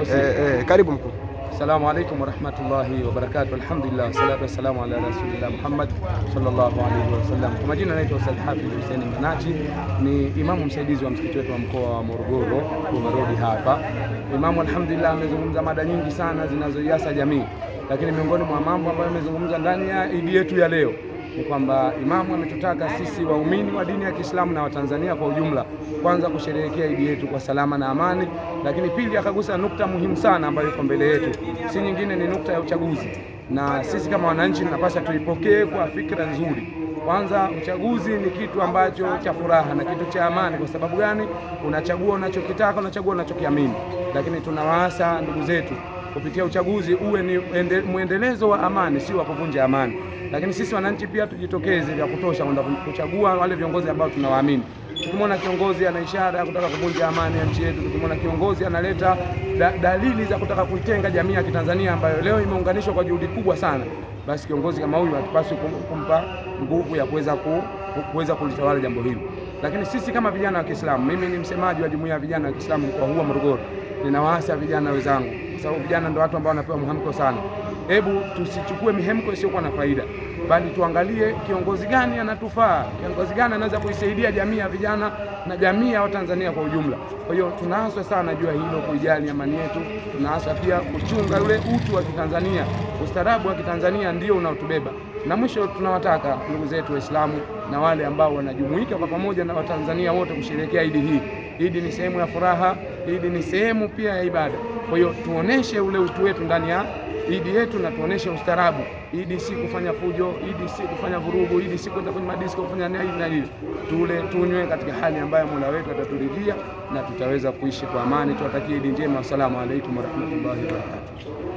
Eh, eh, karibu mkuu. wa rahmatullahi warahmatullahi barakatuh. Alhamdulillah, salatu wassalamu ala rasulillah Muhammad sallallahu wa sallam. Kwa majina naitwa Ustadh Hafidh Hussein Manachi, ni imamu msaidizi wa msikiti wetu wa mkoa wa Morogoro. Tumerudi hapa, imamu alhamdulillah amezungumza mada nyingi sana zinazoiasa jamii, lakini miongoni mwa mambo ambayo amezungumza ndani ya idi yetu ya leo ni kwamba imamu ametutaka sisi waumini wa dini ya Kiislamu na Watanzania kwa ujumla, kwanza kusherehekea Idi yetu kwa salama na amani, lakini pili akagusa nukta muhimu sana ambayo iko mbele yetu, si nyingine, ni nukta ya uchaguzi, na sisi kama wananchi tunapaswa tuipokee kwa fikra nzuri. Kwanza, uchaguzi ni kitu ambacho cha furaha na kitu cha amani. Kwa sababu gani? Unachagua unachokitaka, unachagua unachokiamini. Lakini tunawaasa ndugu zetu kupitia uchaguzi uwe ni mwendelezo wa amani, si wa kuvunja amani lakini sisi wananchi pia tujitokeze vya kutosha kwenda kuchagua wale viongozi ambao tunawaamini. Tukimwona kiongozi ana ishara ya kutaka kuvunja amani ya nchi yetu, tukimwona kiongozi analeta da, dalili za kutaka kuitenga jamii ya Kitanzania ambayo leo imeunganishwa kwa juhudi kubwa sana, basi kiongozi kama huyu hatupaswi kumpa nguvu ya kuweza ku, kuweza kulitawala jambo hili. Lakini sisi kama vijana wa Kiislamu, mimi ni msemaji wa jumuiya ya vijana wa Kiislamu mkoa huu wa Morogoro, ninawaasa vijana wenzangu sababu vijana ndio watu ambao wanapewa mhemko sana. Hebu tusichukue mihemko isiyokuwa na faida, bali tuangalie kiongozi gani anatufaa, kiongozi gani anaweza kuisaidia jamii ya vijana na jamii ya Watanzania kwa ujumla. Kwa hiyo tunaaswa sana jua hilo, kuijali amani yetu, tunaaswa pia kuchunga ule utu wa Kitanzania, ustaarabu wa Kitanzania ndio unaotubeba. Na mwisho tunawataka ndugu zetu Waislamu na wale ambao wanajumuika kwa pamoja na Watanzania wote kusherehekea Idi hii. Idi ni sehemu ya furaha, Idi ni sehemu pia ya ibada. Kwa hiyo tuoneshe ule utu wetu ndani ya Idi yetu na tuoneshe ustaarabu. Idi si kufanya fujo, Idi si kufanya vurugu, Idi si kwenda kwenye madisko kufanya nini na nini. Tule tunywe katika hali ambayo Mola wetu ataturidhia na tutaweza kuishi kwa amani. Tuwatakie Idi njema. Asalamu alaykum warahmatullahi wabarakatuh.